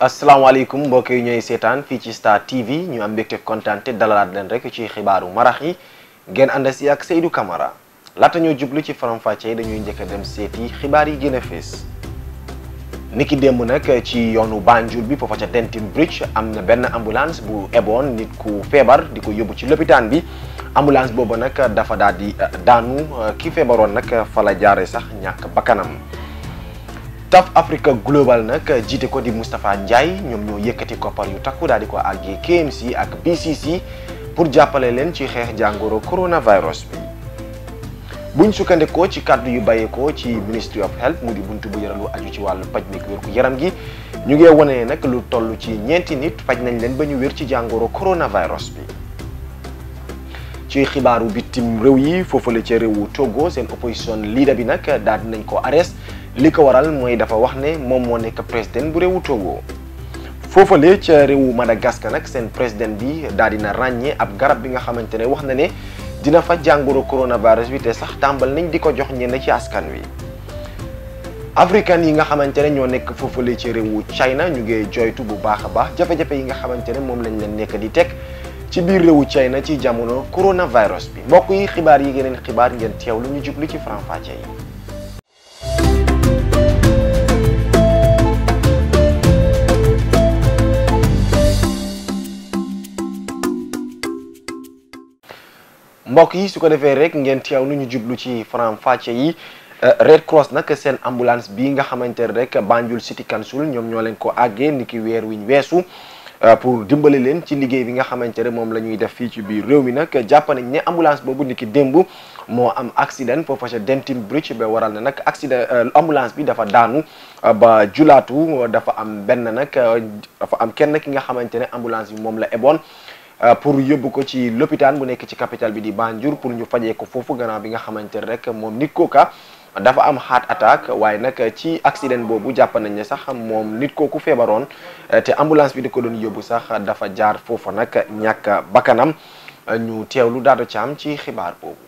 asalaamaaleykum mbokk yi ñooy seetaan fii ci Star TV ñu am mbekke kontaan te dalalaat leen rek ci xibaaru marax yi ngeen ànd si ak seydu Camara laata ñoo jublu ci faram-fàcce dañuy njëkk a dem seeti xibaar yi gën nit ki démb nag ci yoonu Banjul bi foofa ca Denton Bridge am na benn ambulance bu eboon nit ku feebar di ko yóbbu ci lopitaan bi ambulance boobu nag dafa daal di eh, daanu eh, ki feebaroon nag fa la jaare sax ñàkk bakkanam. Top Africa Global nag jiite ko di Moustapha Ndiaye ñoom ñoo yëkkati koppar yu takku daal di ko àggee KMC ak BCC pour jàppale leen ci xeex jàngoro coronavirus bi. buñ sukkandikoo ci kàddu yu bàyyeekoo ci Ministry of Health mu di bunt bu yore lu aju ci wàllu paj meeg wér gu yaram gi ñu ngi wane nag lu toll ci ñeenti nit paj nañ leen ba ñu wér ci jàngoro coronavirus bi. ci xibaaru bitim réew yi la ca réewu Togo seen opposition leader bi nag daal nañ ko arrest li ko waral mooy dafa wax ne moom moo nekk président bu réewu Togo foofale ca réewu Madagascar nag seen président bi daal na ràññee ab garab bi nga xamante ne wax na ne dina fa jàngoro coronavirus bi te sax tàmbal nañ di ko jox ñenn ci askan wi. african yi nga xamante ne ñoo nekk foofale ci réewu China ñu ngi joytu bu baax a baax jafe-jafe yi nga xamante ne moom lañ leen nekk di teg ci biir réewu China ci jamono coronavirus bi mbokk yi xibaar yi geneen xibaar ngeen teewlu ñu jublu ci faram mbokk yi su ko defee rek ngeen teew nu ñu jublu ci faram fàcce yi euh, Red Cross nag seen ambulance bi nga xamante ne rek Banjul City Council ñoom ñoo leen ko àggee ni ki weer wiñ weesu euh, pour dimbale leen ci liggéey bi nga xamante ne moom la ñuy def fii ci biir réew mi nag jàpp nañ ne ambulance boobu ni ki démb moo am accident foofa ca Denton Bridge ba waral na nag accident euh, ambulance bi dafa daanu ba julaatu dafa am benn nag dafa am kenn ki nga xamante ne ambulance bi moom la eboon Euh, pour yóbbu ko ci l'hôpital bu nekk ci capital bi di Banjul pour ñu fajee ko foofu gannaaw bi nga xamante ne rek moom nit ka ah, dafa am heart attack waaye nag ci accident boobu jàpp nañ ne sax moom nit koo kooku feebaroon euh, te ambulance bi di ko doon yóbbu sax dafa jaar foofa nag ñàkk bakkanam euh, ñu teewlu daado caam ci xibaar boobu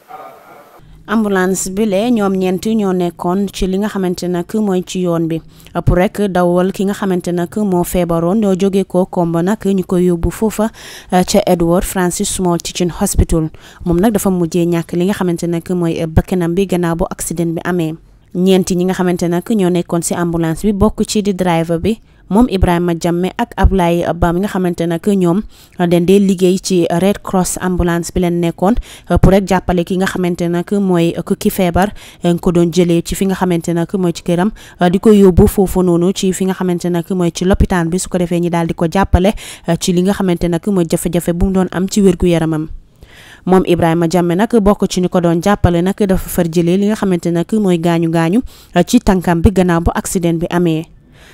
ambulance bi lee ñoom ñeent ñoo nekkoon ci li nga xamante nag mooy ci yoon bi pour rek dawal ki nga xamante nag moo feebaroon ñoo jóge ko komba nag ñu koy yóbbu foofa eh, ca Edward Francis Small Teaching Hospital moom nag dafa mujjee ñàkk li nga xamante nag mooy eh, bakkanam bi gannaaw bu accident bi amee. ñeenti ñi nga xamante nag ñoo nekkoon si ambulance bi bokk ci di driver bi moom Ibrahima Jammeh ak Ablaye baam mi nga xamante nag ñoom den dee liggéey ci Red Cross ambulance bi leen nekkoon euh, pour rek jàppale ki nga xamante nag mooy euh, ki feebar euh, ko doon jëlee ci fi nga xamante nag mooy ci këram di ko yóbbu foofu noonu ci fi nga xamante nag mooy ci lopitaan bi su ko defee ñi daal di ko jàppale ci li nga xamante nag mooy jafe-jafe bu mu doon am ci wér-gu-yaramam moom Ibrahima Jammeh nag bokk ci ñu ko doon jàppale nag dafa far jëlee li nga xamante nag mooy gaañu gaañu uh, ci tànkam bi gannaaw bu accident bi amee.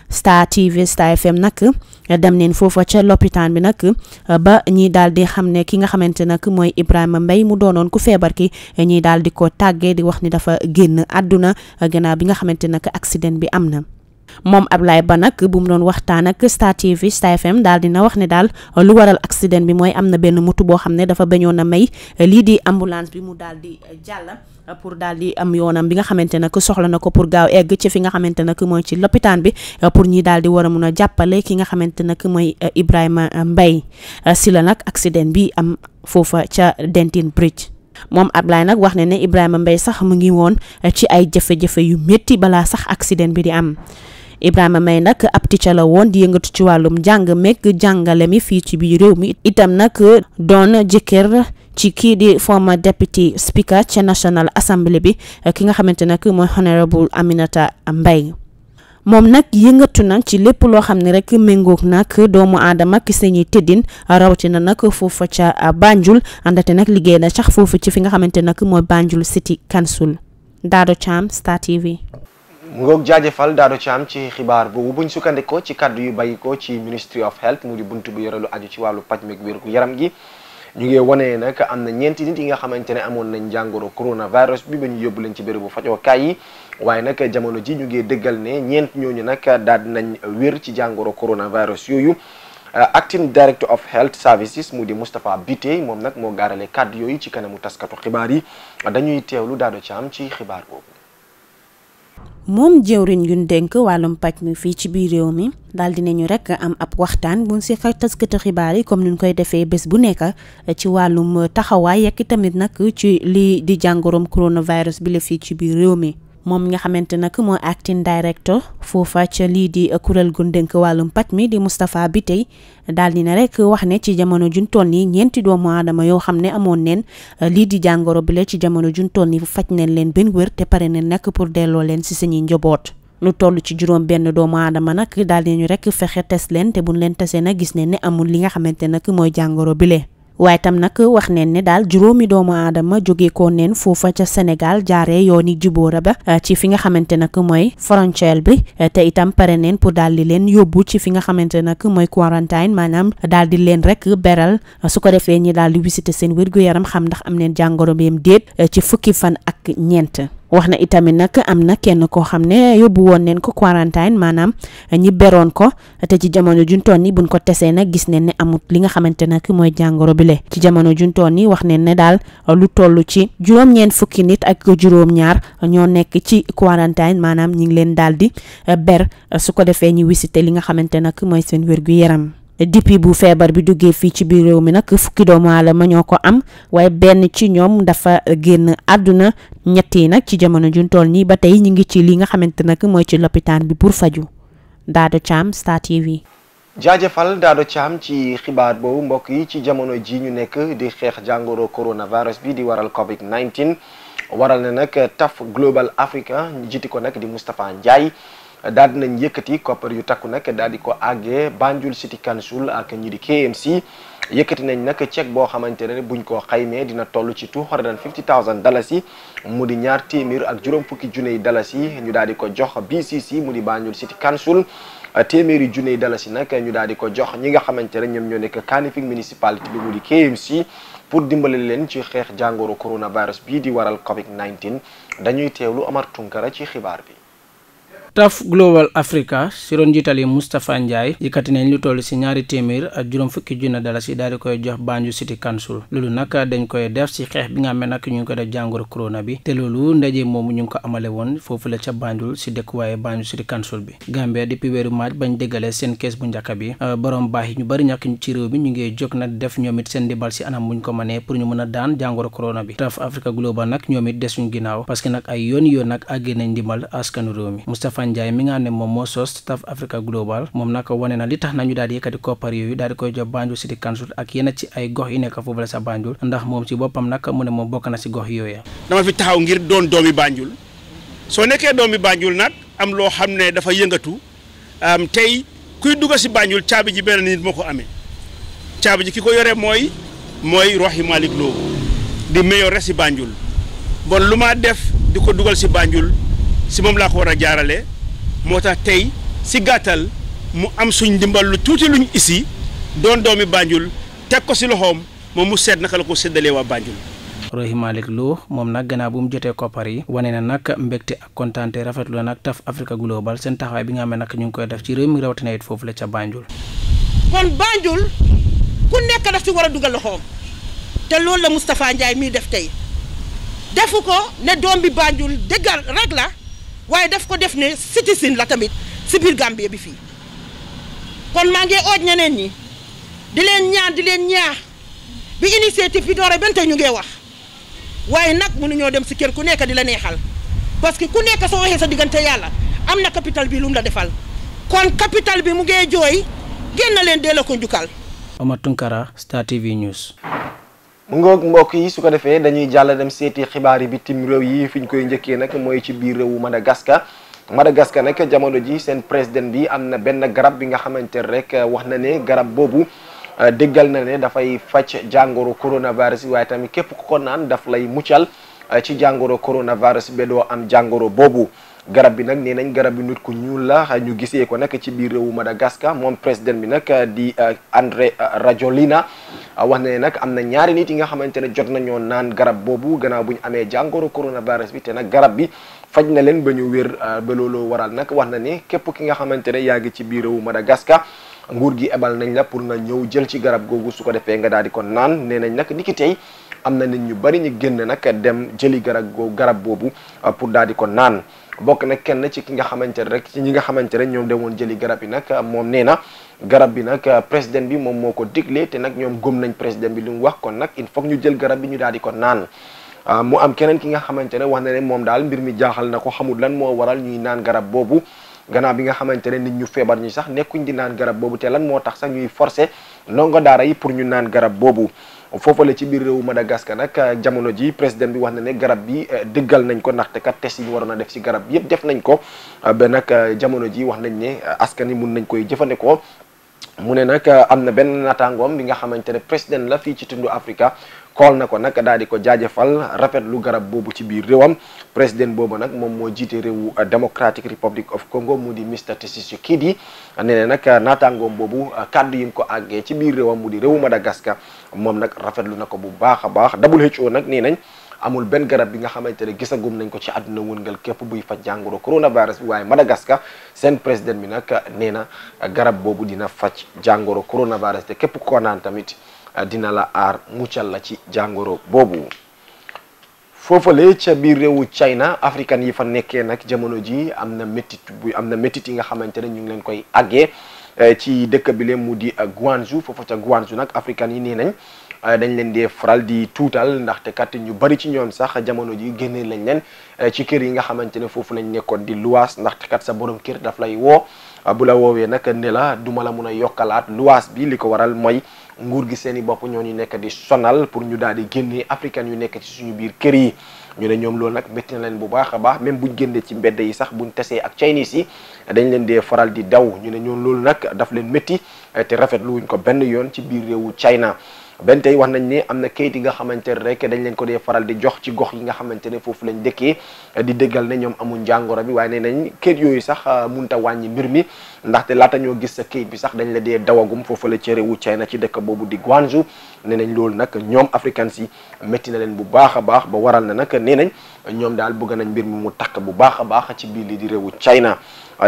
Star TV Star FM nag uh, dem neen foofa ca loppitaan bi nag uh, ba ñii daal di xam ne ki nga xamante nag mooy Ibrahima Mbaye mu doonoon ku feebar ki ñii daal di ko tàggee di wax ni dafa génn àdduna gannaaw bi nga xamante nag accident bi am na. moom ablaay Ba nag bu mu doon waxtaan ak Star TV Star FM daal dina wax ne daal lu waral accident bi mooy am na benn moto boo xam ne dafa bañoon a may lii di ambulance bi mu daal di jàll pour daal am yoonam bi nga xamante ne soxla na ko pour gaaw egg ci fi nga xamante ne mooy ci lopitaan bi pour ñi daal di a mun a jàppale ki nga xamante ne mooy Ibrahima mbay si la nag accident bi am foofa ca Denton Bridge. moom Ablaye nag wax ne ne Ibrahima mbay sax mu ngi woon ci ay jafe-jafe yu métti balaa sax accident bi di am. Ibrahima May nag ab ticca la woon di yëngatu ci wàllum jàng meeg jàngale mi fii ci biir réew mi itam nag doon jëkkër ci kii di former deputy speaker ca National Assembly bi ki nga xamante nag mooy honorable Aminata mbay moom nag yëngatu na ci lépp loo xam ne rek méngoog nag doomu aadama ki seeni tëddin rawatina nag foofa ca Banjul àndate nag liggéey na sax foofu ci fi nga xamante nag mooy Banjul City Council Dado Cham Star TV mu ngoog jaajëfal daado ci am ci xibaar boobu ñu sukkandikoo ci kàddu yu bàyyikoo ci ministry of health mu di bunt bu yore lu aju ci wàllu paj meeg wér gu yaram gi ñu ngi wane nag am na ñeenti nit yi nga xamante ne amoon nañ jàngoro coronavirus bi ba ñu yóbbu leen ci bérébu fajookaay yi waaye nag jamono ji ñu ngi dëggal ne ñeent ñooñu nag daal nañ wér ci jàngoro coronavirus yooyu acting director of health services mu di Moustapha Bitey moom nag moo gaarale kàddu yooyu ci kanamu taskatu xibaar yi dañuy teewlu daado ci am ci xibaar boobu moom jëwriñ yuñ dénk wàllum paj mi fii ci biir réew mi daal dinañu rek am ab waxtaan buñ si xëy taskatu xibaar yi comme nuñ koy defee bés bu nekk ci wàllum taxawaay yekk tamit nag ci li di jàngoroom coronavirus bi la fii ci biir réew mi moom nga xamante nag mooy acting director foofa ca lii di kuréel gun ndënk wàllum paj mi di Moustapha Bitèye daal di na rek wax ne ci jamono juntoon yi ñeenti doomu aadama yoo xam ne amoon neen lii di jàngoro bi la ci jamono juntoon yi faj neen leen benn wër te pare neen nag pour delloo leen si seeni njaboot. lu toll ci juróom benn doomu aadama nag daal di ñu rek fexe tes leen te buñ leen tesee nag gis ne ni amul li nga xamante nag mooy jàngoro bile. waaye tam nag wax neen ne daal juróomi doomu aadama jóge ko neen foofa ca jaare jaaree yooni jubóora ba eh, ci fi nga xamante nag mooy frontière bi eh, te itam pare neen pour daal di leen yóbbu ci fi nga xamante nag mooy quarantine maanaam daal di leen rek beral eh, su ko defee ñi daal di seen wér gu yaram xam ndax am neen jàngoro beem déet ci fukki fan ak ñeent. wax na itamit nag am na kenn koo xam ne yóbbu woon neen ko quarantaine maanaam ñi beroon ko te ci jamono juntoon ni buñ ko tesee nag gis neen ne amut li nga xamante nag mooy jàngoro bi le ci jamono juntoon ni wax neen ne daal lu toll ci juróom-ñeent fukki nit ak juróom-ñaar ñoo nekk ci quarantaine maanaam ñi ngi leen daal di ber su ko defee ñu wisite li nga xamante nag mooy seen wér gu yaram depuis bu feebar bi duggee fii ci biir réew mi nag fukki doomu ma ñoo ko am waaye benn ci ñoom dafa génn àdduna ñett yi nag ci jamono juñ toll nii ba tey ñu ngi ci li nga xamante nag mooy ci lopitaan bi pour faju Daado Thiam Star TV. jaajëfal Daado Thiam ci xibaar boobu mbokk yi ci jamono ji ñu nekk di xeex jàngoro coronavirus bi di waral Covid 19 waral na nag TAF Global Africa ñu jiiti ko nag di Moustapha Ndiaye. daal di nañ yëkkati koppar yu takku nag daal di ko àggee Banjul City Council ak ñi di KMC yëkkati nañ nag ceeb boo xamante ne buñ ko xaymee dina toll ci two hundred and fifty thousand dalasi mu di ñaar téeméer ak juróom fukki juney dalasi ñu daal di ko jox BCC mu di Banjul City Council téeméeri juney dalasi nag ñu daal di ko jox ñi nga xamante ne ñoom ñoo nekk Kanifing municipality bi mu di KMC pour dimbale leen ci xeex jàngoro coronavirus bii di waral Covid 19 dañuy teewlu Amar Tunkara ci xibaar bi. TAF Global Africa si ron jiital yi Moustapha Ndiaye yëkkati nañ lu toll si ñaari téeméer ak juróom fukki junne dalasi daal di koy jox Banjul City Council loolu nag dañ koy def si xeex bi nga xam ne ñu ngi ko def jàngoro corona bi te loolu ndaje moomu ñu ko amale woon foofu la ca Banjul si dëkkuwaaye Banjul City Council bi Gambia depuis weeru maaj bañ déggalee seen kees bu njëkk bi euh, borom baax yi ñu bëri ñàkk ci réew mi ñu ngi jóg nag def ñoom it seen ndibal si anam buñ ko mënee pour ñu mën a daan jàngoro corona bi TAF Africa Global nag ñoom it parce que nag ay yoon yoon nag àggee nañ ndimbal askanu réew mi Fane Ndiaye mi nga xam ne moom moo sos Staff Africa Global moom nag wane na li tax nañu daal di yëkkati koppar yooyu daal di koy jox Banjul City Council ak yenn ci ay gox yu nekk foofu la sa Banjul ndax moom ci boppam nag mu ne moom bokk na si gox yooya dama fi taxaw ngir doomi Banjul soo nekkee doomi Banjul nag am loo xam ne dafa yëngatu tey kuy dugg si Banjul caabi ji benn nit moo ko amee caabi ji ki ko yore mooy mooy Rohey Malick Lowe di mayor rek si Banjul bon lu ma def di ko dugal si moom laa ko war a jaarale moo tax tey si gàttal mu am suñ ndimbal lu tuuti luñ isi doon doom doomi Banjul teg ko si loxoom moom mu seet naka la ko seddalee waa Banjul. Rohey Malick Lowe moom nag gannaaw bu mu jotee koppar yi wane na nag mbégte ak kontaante rafetlu na nag taf Africa Global seen taxawaay bi nga xam ne nag ñu ngi koy def ci réew mi rawatina it foofu la ca Banjul. kon Banjul ku nekk daf ci war a dugal loxoom te loolu la mustafaa Ndiaye mii def tey defu ko ne bi Banjul dëggal la. waaye daf ko def ne citizen la tamit si biir Gambie bi fii kon maa ngi ooj ñeneen ñi di leen ñaan di leen ñaax bi initiative bi doore bente ñu ngee wax waaye nag mënuñoo dem si kër ku nekk di la neexal parce que ku nekk soo waxee sa diggante yàlla am na capital bi lu mu la defal kon capital bi mu ngee jooy génn leen delloo ko njukkal Omar Tunkara Star TV News mu ngoog mbokk yi su ko defee dañuy jàll dem seeti xibaar yi bitim réew yi fi ñu koy njëkkee nag mooy ci biir réewu Madagascar Madagascar nag jamono ji seen président bi am na benn garab bi nga xamante rek wax na ne garab boobu euh, déggal na ne dafay faj jàngoro coronavirus waaye tamit képp ku ko naan daf lay muccal euh, ci jàngoro coronavirus ba doo am jàngoro boobu garab bi nag nee nañ garab bi nit ku ñuul la ñu gisee ko nag ci biir réewu Madagascar moom président bi nag di euh, André euh, Rajoelina euh, wax na ne nag am na ñaari nit yi nga xamante ne jot nañoo naan garab boobu gannaaw bu ñu amee jàngoro coronavirus bi te nag garab bi faj na leen ba ñu wér ba looloo waral nag wax na ne képp ki nga xamante ne yaa ngi ci biir réewu Madagascar nguur gi ebal nañ la pour nga ñëw jël ci garab googu su ko defee nga daal di ko naan nee nañ nag niki tey. am na nit ñu bari ñu génn nag dem jëli garab garab boobu ah, pour daal di ko naan bokk na kenn ci ki nga xamante ne rek ci ñi nga xamante ne ñoom demoon jëli garab yi nag ah, moom nee na garab bi nag ah, président bi moom moo ko digle te nag ñoom gëm nañ président bi li mu wax kon nag il faut ñu jël garab bi ñu daal di ko naan. mu am keneen ki nga xamante ne wax na ne moom daal mbir mi jaaxal na ko xamul lan moo waral ñuy naan garab boobu gannaaw bi nga xamante ne nit ñu feebar ñi sax nekkuñ di naan garab boobu te lan moo tax sax ñuy forcer nongo daara yi pour ñu naan garab boobu. foofale ci biir réewu Madagascar nag ah, jamono ji président bi wax na ne garab bi eh, dëggal nañ ko ndaxte kat test yi ñu waroon a def si garab bi yëpp def nañ ko ah, ba nag ah, jamono ji wax nañ ne askan yi mun nañ koy jëfandikoo mu ne nag eh, am na benn naataangoom bi nga xamante ne président la fii ci tundu africa xool na ko nag daal di ko jaajëfal rafetlu garab boobu ci biir réewam président boobu nag moom moo jiite réewu eh, Democratic Republic of Congo mu di Mr Tshisekedi ne ne nag eh, naataangoom boobu kàddu yi ko àggee ci biir réewam mu di réewu Madagascar moom nag rafetlu na ko bu baax a baax WHO nag nee nañ. amul benn garab bi nga xamante ne gisagum nañ ko ci àdduna wëngal képp buy faj jàngoro coronavirus bi waaye Madagascar seen président mi nag nee na garab boobu dina faj jàngoro coronavirus te képp ko naan tamit dina la aar muccal la ci jàngoro boobu. foofale ca biir réewu China african yi fa nekkee nag jamono ji am na métit bu am na métit yi nga xamante ne ñu ngi leen koy àggee eh, ci dëkk bi leen mu di eh, Guangzhou foofa ca Guangzhou nag africain yi nee nañ. Euh, dañu leen dee faral di tuutal ndaxte kat ñu bari ci ñoom sax jamono ji génnee lañ leen euh, ci kër yi nga xamante ne foofu lañ nekkoon di luwaas ndaxte kat sa boroom kër daf lay woo euh, bu la woowee nag ne la duma la mun a yokkalaat luwaas bi li ko waral mooy nguur gi seen i bopp ñoo ñu nekk di sonal pour ñu daal di génne africain yu nekk ci suñu biir kër yi ñu ne ñoom loolu nag métti na leen bu baax a baax même buñ génnee ci mbedd yi sax buñ tesee ak Chinese yi dañ leen dee faral di daw ñu ne ñoom loolu nag daf leen métti te rafetlu ko benn yoon ci biir réewu China benn tey wax nañ ne am na kayit yi nga xamante ne rek dañ leen ko dee faral di jox ci gox yi nga xamante ne foofu lañ dëkkee di déggal ne ñoom amuñ jàngoro bi waaye ne nañ kayit yooyu sax euh, munta wàññi mbir mi ndaxte laata ñoo gis sa kayit bi sax dañ la dee dawagum foofu la ci réewu China ci dëkk boobu di Guangzhou ne nañ loolu nag ñoom africains yi métti na leen bu baax a baax ba waral na nag nee nañ ñoom daal bëgg nañ mbir mi mu takk bu baax a baax ci biir li di réewu China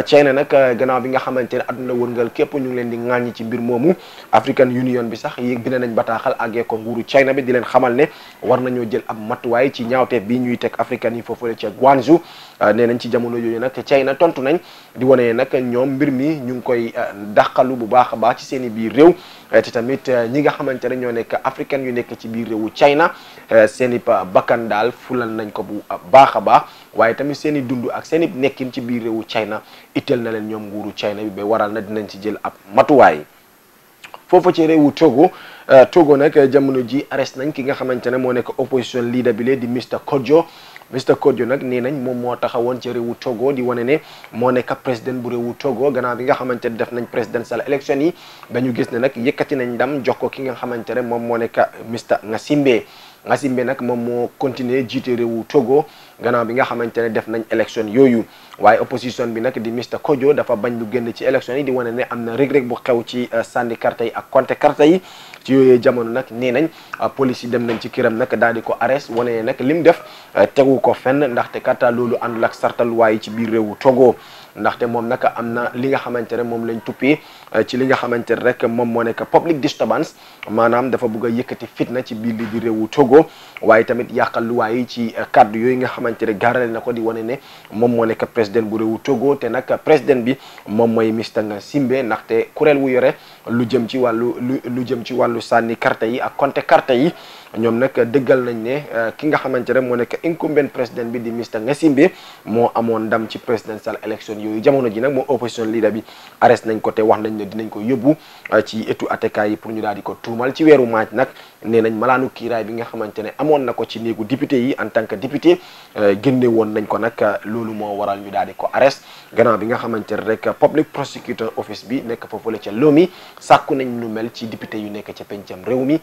China euh, nag euh, gannaaw bi nga xamante ne àdduna wërngal képp ñu ngi leen di ŋàññi ci mbir moomu African Union bi sax yéeg bind nañ bataaxal àggee ko nguuru China bi di leen xamal ne war nañoo jël ab matuwaay ci ñaawteef bi ñuy teg africain yi foofule ca Guangzhou euh, nee nañ ci jamono yooyu nag China tontu nañ di wane nag ñoom mbir mi ñu ngi koy dàqalu bu baax a baax ci seen i biir réew te tamit ñi nga xamante ne ñoo nekk africain yu nekk ci biir réewu China seen i bakkan daal fulal nañ ko bu baax a baax waaye tamit seen i dund ak seeni i nekkin ci biir réewu China itteel na leen ñoom nguuru China bi ba waral na dinañ ci jël ab matuwaay. foofa ci réewu Togo euh, Togo nag euh, jamono ji arrest nañ ki nga xamante ne moo nekk opposition leader bi lee di Mr Kodjo Mr Kodjo nag nee nañ moom moo taxawoon ci réewu Togo di wane ne moo nekk président bu réewu Togo gannaaw bi nga xamante ne def nañ présidentielle élection yi dañu gis ne nag yëkkati nañ ndam jox ko ki nga xamante ne moom moo nekk Mr Ngasimbe. Gnassingbé nag moom moo continuer jiite réewu Togo gannaaw bi nga xamante ne def nañ élection yooyu waaye opposition bi nag di Mr Kodjo dafa bañ lu génn ci élection yi di wane ne am na rëg-rëg bu xew ci euh, sànni carte yi ak compte carte yi ci yooyee jamono nag nee nañ euh, police dem nañ ci këram nak daal di ko arrest wane ne nag lim def euh, tegu ko fenn ndaxte kat loolu àndul ak sartal waaye ci biir réewu Togo ndaxte moom nag am na li nga xamante ne moom lañ tuppee euh, ci li nga xamante ne rek moom moo nekk public disturbance maanaam dafa bëgg a yëkkati fitna ci biir li di réewu Togo waaye tamit yàqal luwaay yi ci euh, kàddu yooyu nga xamante ne gaarale na ko di wane ne moom moo nekk président bu rewu Togo te nag président bi moom mooy Mr Nsimbe ndaxte kuréel wu yore lu jëm ci wàllu lu lu jëm ci wàllu sànni carte yi ak konte carte yi ñoom nag dëggal nañ ne euh, ki nga xamante ne moo nekk incumbent président bi di Mr Gnassingbé moo amoon ndam ci presidential election yooyu jamono ji nag moo opposition leader bi arrest nañ ko te wax nañ ne dinañ ko yóbbu euh, ci étu ateka yi pour ñu daal di ko tuumal ci weeru maaj nag nee nañ malaanu kiiraay bi nga xamante ne amoon na ko ci néegu député yi en tant que député euh, génne woon nañ ko nag euh, loolu moo waral ñu daal di ko arrest gannaaw bi nga xamante ne rek public prosecutor office bi nekk foofule ca Lomé sàkku nañ nu mel ci député yu nekk ca pencam réew mi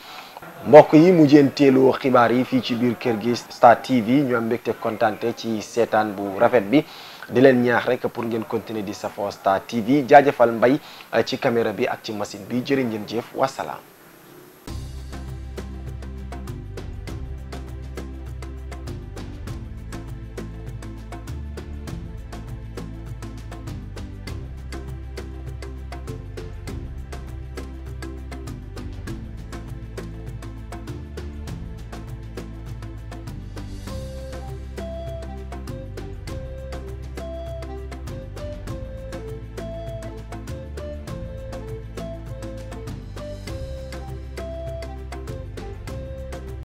mbokk yi mu jéem teeloo xibaar yi fii ci biir kër gi Star TV ñu am mbégte kontaante ci seetaan bu rafet bi di leen ñaax rek pour ngeen continuer di safoo Star TV jaajëfal mbay euh, ci caméra bi ak ci machine bi jërë ngeen jëf wasalaam